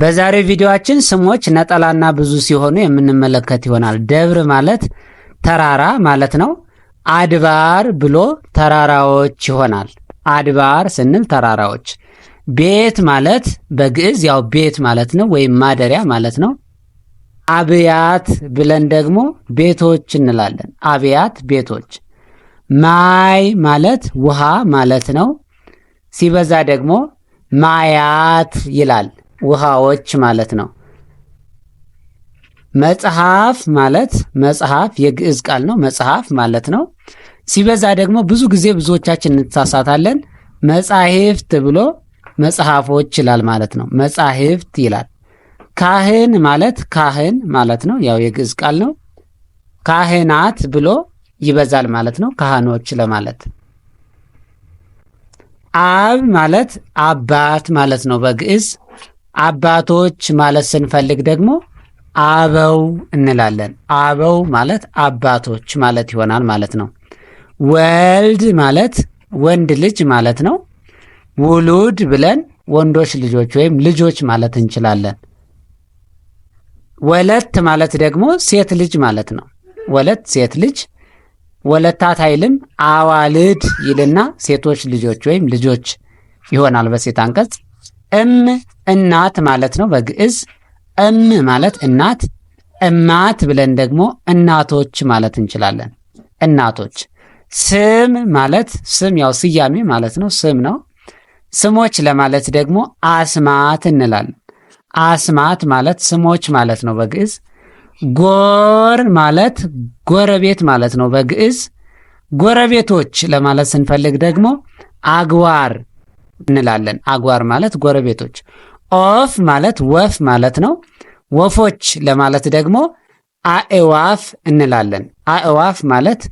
በዛሬው ቪዲዮአችን ስሞች ነጠላና ብዙ ሲሆኑ የምንመለከት ይሆናል። ደብር ማለት ተራራ ማለት ነው። አድባር ብሎ ተራራዎች ይሆናል። አድባር ስንል ተራራዎች። ቤት ማለት በግዕዝ ያው ቤት ማለት ነው፣ ወይም ማደሪያ ማለት ነው። አብያት ብለን ደግሞ ቤቶች እንላለን። አብያት ቤቶች። ማይ ማለት ውሃ ማለት ነው። ሲበዛ ደግሞ ማያት ይላል። ውሃዎች ማለት ነው። መጽሐፍ ማለት መጽሐፍ የግዕዝ ቃል ነው። መጽሐፍ ማለት ነው። ሲበዛ ደግሞ ብዙ ጊዜ ብዙዎቻችን እንተሳሳታለን። መጻሕፍት ብሎ መጽሐፎች ይላል ማለት ነው። መጻሕፍት ይላል። ካህን ማለት ካህን ማለት ነው። ያው የግዕዝ ቃል ነው። ካህናት ብሎ ይበዛል ማለት ነው። ካህኖች ለማለት አብ ማለት አባት ማለት ነው በግዕዝ አባቶች ማለት ስንፈልግ ደግሞ አበው እንላለን። አበው ማለት አባቶች ማለት ይሆናል ማለት ነው። ወልድ ማለት ወንድ ልጅ ማለት ነው። ውሉድ ብለን ወንዶች ልጆች ወይም ልጆች ማለት እንችላለን። ወለት ማለት ደግሞ ሴት ልጅ ማለት ነው። ወለት ሴት ልጅ ወለታት አይልም። አዋልድ ይልና ሴቶች ልጆች ወይም ልጆች ይሆናል በሴት አንቀጽ። እም እናት ማለት ነው በግዕዝ። እም ማለት እናት፣ እማት ብለን ደግሞ እናቶች ማለት እንችላለን። እናቶች። ስም ማለት ስም ያው ስያሜ ማለት ነው፣ ስም ነው። ስሞች ለማለት ደግሞ አስማት እንላለን። አስማት ማለት ስሞች ማለት ነው በግዕዝ። ጎር ማለት ጎረቤት ማለት ነው በግዕዝ። ጎረቤቶች ለማለት ስንፈልግ ደግሞ አግዋር እንላለን። አግዋር ማለት ጎረቤቶች ኦፍ ማለት ወፍ ማለት ነው። ወፎች ለማለት ደግሞ አእዋፍ እንላለን። አእዋፍ ማለት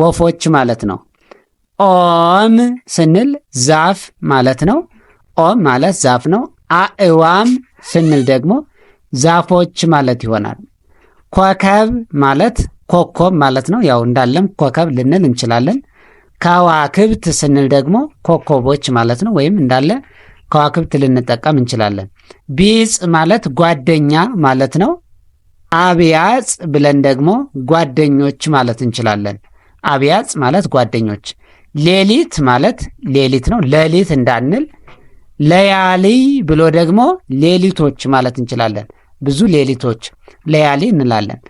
ወፎች ማለት ነው። ኦም ስንል ዛፍ ማለት ነው። ኦም ማለት ዛፍ ነው። አእዋም ስንል ደግሞ ዛፎች ማለት ይሆናል። ኮከብ ማለት ኮከብ ማለት ነው። ያው እንዳለም ኮከብ ልንል እንችላለን። ከዋክብት ስንል ደግሞ ኮከቦች ማለት ነው። ወይም እንዳለ ከዋክብት ልንጠቀም እንችላለን። ቢጽ ማለት ጓደኛ ማለት ነው። አብያጽ ብለን ደግሞ ጓደኞች ማለት እንችላለን። አብያጽ ማለት ጓደኞች። ሌሊት ማለት ሌሊት ነው። ሌሊት እንዳንል ለያሊ ብሎ ደግሞ ሌሊቶች ማለት እንችላለን። ብዙ ሌሊቶች ለያሊ እንላለን።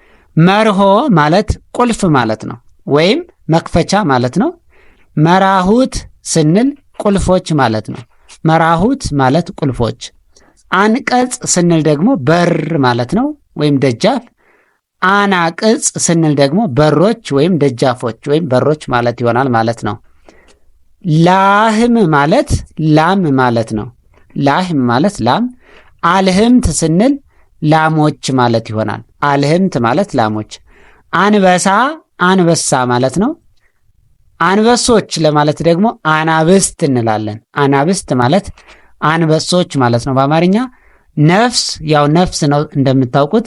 መርሆ ማለት ቁልፍ ማለት ነው፣ ወይም መክፈቻ ማለት ነው። መራሁት ስንል ቁልፎች ማለት ነው። መራሁት ማለት ቁልፎች። አንቀጽ ስንል ደግሞ በር ማለት ነው ወይም ደጃፍ። አናቅጽ ስንል ደግሞ በሮች ወይም ደጃፎች ወይም በሮች ማለት ይሆናል ማለት ነው። ላህም ማለት ላም ማለት ነው። ላህም ማለት ላም። አልህምት ስንል ላሞች ማለት ይሆናል። አልህምት ማለት ላሞች። አንበሳ አንበሳ ማለት ነው። አንበሶች ለማለት ደግሞ አናብስት እንላለን። አናብስት ማለት አንበሶች ማለት ነው በአማርኛ። ነፍስ ያው ነፍስ ነው እንደምታውቁት።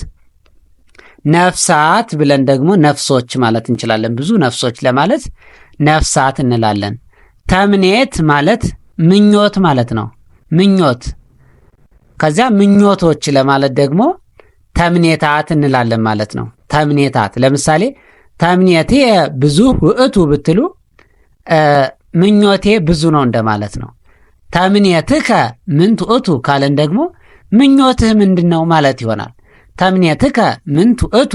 ነፍሳት ብለን ደግሞ ነፍሶች ማለት እንችላለን። ብዙ ነፍሶች ለማለት ነፍሳት እንላለን። ተምኔት ማለት ምኞት ማለት ነው። ምኞት ከዚያ ምኞቶች ለማለት ደግሞ ተምኔታት እንላለን ማለት ነው። ተምኔታት ለምሳሌ ተምኔት ብዙ ውእቱ ብትሉ ምኞቴ ብዙ ነው እንደማለት ነው። ተምኔትከ ምንት ካለን ደግሞ ምኞትህ ምንድን ነው ማለት ይሆናል። ተምኔትከ ምንት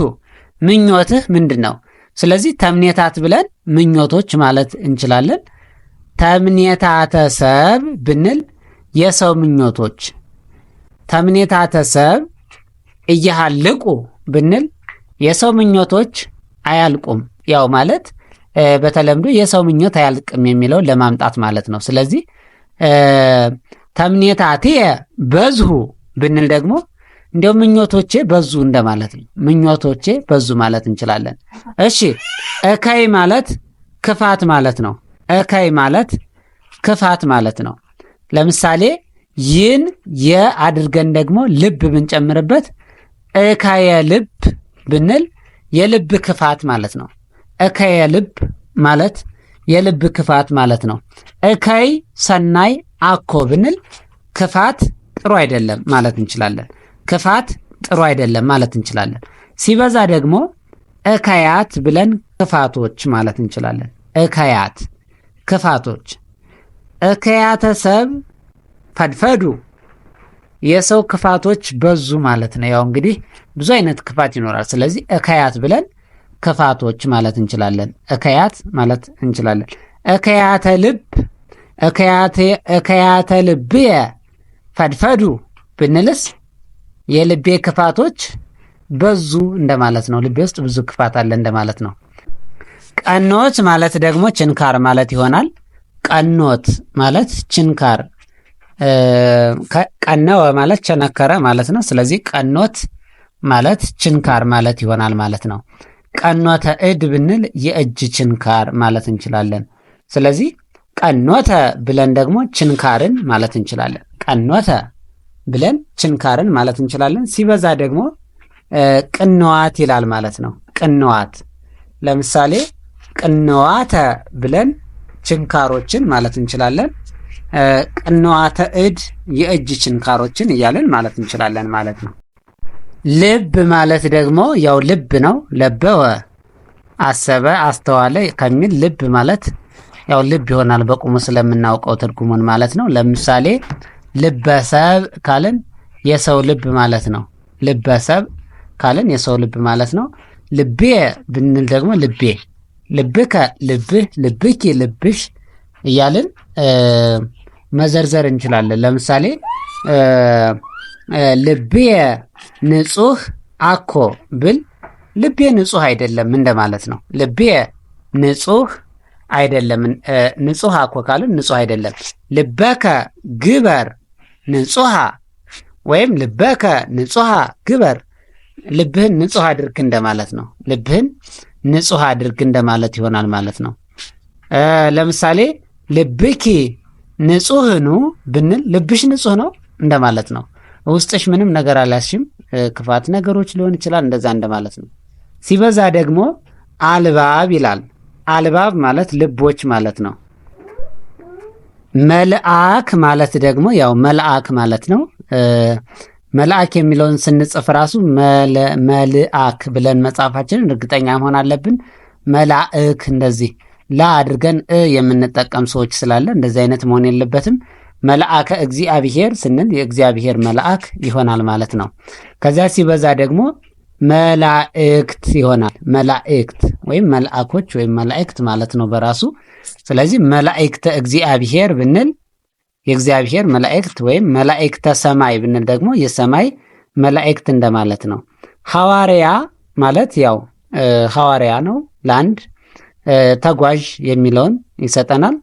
ምኞትህ ምንድን ነው? ስለዚህ ተምኔታት ብለን ምኞቶች ማለት እንችላለን። ተምኔታተ ሰብ ብንል የሰው ምኞቶች፣ ተምኔታተ ሰብ እያሃልቁ ብንል የሰው ምኞቶች አያልቁም። ያው ማለት በተለምዶ የሰው ምኞት አያልቅም የሚለውን ለማምጣት ማለት ነው። ስለዚህ ተምኔታትየ በዝሁ ብንል ደግሞ እንዲሁም ምኞቶቼ በዙ እንደማለት ነው። ምኞቶቼ በዙ ማለት እንችላለን። እሺ እከይ ማለት ክፋት ማለት ነው። እከይ ማለት ክፋት ማለት ነው። ለምሳሌ ይህን የአድርገን ደግሞ ልብ ብንጨምርበት እካየ ልብ ብንል የልብ ክፋት ማለት ነው። እከየ ልብ ማለት የልብ ክፋት ማለት ነው። እከይ ሰናይ አኮ ብንል ክፋት ጥሩ አይደለም ማለት እንችላለን። ክፋት ጥሩ አይደለም ማለት እንችላለን። ሲበዛ ደግሞ እከያት ብለን ክፋቶች ማለት እንችላለን። እከያት ክፋቶች። እከያተ ሰብ ፈድፈዱ የሰው ክፋቶች በዙ ማለት ነው። ያው እንግዲህ ብዙ አይነት ክፋት ይኖራል። ስለዚህ እከያት ብለን ክፋቶች ማለት እንችላለን። እከያት ማለት እንችላለን። እከያተ ልብ እከያተ ልብየ ፈድፈዱ ብንልስ የልቤ ክፋቶች በዙ እንደማለት ነው። ልቤ ውስጥ ብዙ ክፋት አለ እንደማለት ነው። ቀኖት ማለት ደግሞ ችንካር ማለት ይሆናል። ቀኖት ማለት ችንካር፣ ቀነወ ማለት ቸነከረ ማለት ነው። ስለዚህ ቀኖት ማለት ችንካር ማለት ይሆናል ማለት ነው። ቀኖተ እድ ብንል የእጅ ችንካር ማለት እንችላለን። ስለዚህ ቀኖተ ብለን ደግሞ ችንካርን ማለት እንችላለን። ቀኖተ ብለን ችንካርን ማለት እንችላለን። ሲበዛ ደግሞ ቅንዋት ይላል ማለት ነው። ቅንዋት ለምሳሌ ቅንዋተ ብለን ችንካሮችን ማለት እንችላለን። ቅንዋተ እድ የእጅ ችንካሮችን እያለን ማለት እንችላለን ማለት ነው። ልብ ማለት ደግሞ ያው ልብ ነው። ለበወ አሰበ አስተዋለ ከሚል ልብ ማለት ያው ልብ ይሆናል በቁሙ ስለምናውቀው ትርጉሙን ማለት ነው። ለምሳሌ ልበሰብ ካልን የሰው ልብ ማለት ነው። ልበሰብ ካልን የሰው ልብ ማለት ነው። ልቤ ብንል ደግሞ ልቤ፣ ልብከ፣ ልብህ፣ ልብኪ፣ ልብሽ እያልን መዘርዘር እንችላለን። ለምሳሌ ልቤ ንጹህ አኮ ብል ልቤ ንጹህ አይደለም እንደማለት ነው። ልቤ ንጹህ አይደለም። ንጹህ አኮ ካሉ ንጹህ አይደለም። ልበከ ግበር ንጹሃ ወይም ልበከ ንጹሃ ግበር ልብህን ንጹህ አድርግ እንደማለት ነው። ልብህን ንጹህ አድርግ እንደማለት ይሆናል ማለት ነው። ለምሳሌ ልብኪ ንጹህኑ ብንል ልብሽ ንጹህ ነው እንደማለት ነው። ውስጥሽ ምንም ነገር አልያዝሽም፣ ክፋት ነገሮች ሊሆን ይችላል። እንደዛ እንደማለት ነው። ሲበዛ ደግሞ አልባብ ይላል። አልባብ ማለት ልቦች ማለት ነው። መልአክ ማለት ደግሞ ያው መልአክ ማለት ነው። መልአክ የሚለውን ስንጽፍ ራሱ መልአክ ብለን መጻፋችንን እርግጠኛ መሆን አለብን። መላእክ እንደዚህ ላ አድርገን እ የምንጠቀም ሰዎች ስላለ እንደዚህ አይነት መሆን የለበትም። መልአከ እግዚአብሔር ስንል የእግዚአብሔር መልአክ ይሆናል ማለት ነው። ከዚያ ሲበዛ ደግሞ መላእክት ይሆናል። መላእክት ወይም መልአኮች ወይም መላእክት ማለት ነው በራሱ። ስለዚህ መላእክተ እግዚአብሔር ብንል የእግዚአብሔር መላእክት ወይም መላእክተ ሰማይ ብንል ደግሞ የሰማይ መላእክት እንደማለት ነው። ሐዋርያ ማለት ያው ሐዋርያ ነው። ለአንድ ተጓዥ የሚለውን ይሰጠናል።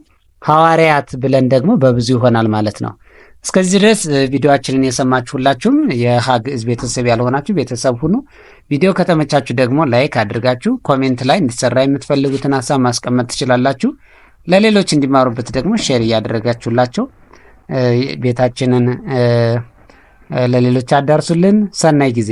ሐዋርያት ብለን ደግሞ በብዙ ይሆናል ማለት ነው። እስከዚህ ድረስ ቪዲዮችንን የሰማችሁ ሁላችሁም የሀ ግዕዝ ቤተሰብ ያልሆናችሁ ቤተሰብ ሁኑ። ቪዲዮ ከተመቻችሁ ደግሞ ላይክ አድርጋችሁ ኮሜንት ላይ እንዲሰራ የምትፈልጉትን ሀሳብ ማስቀመጥ ትችላላችሁ። ለሌሎች እንዲማሩበት ደግሞ ሼር እያደረጋችሁላቸው ቤታችንን ለሌሎች አዳርሱልን። ሰናይ ጊዜ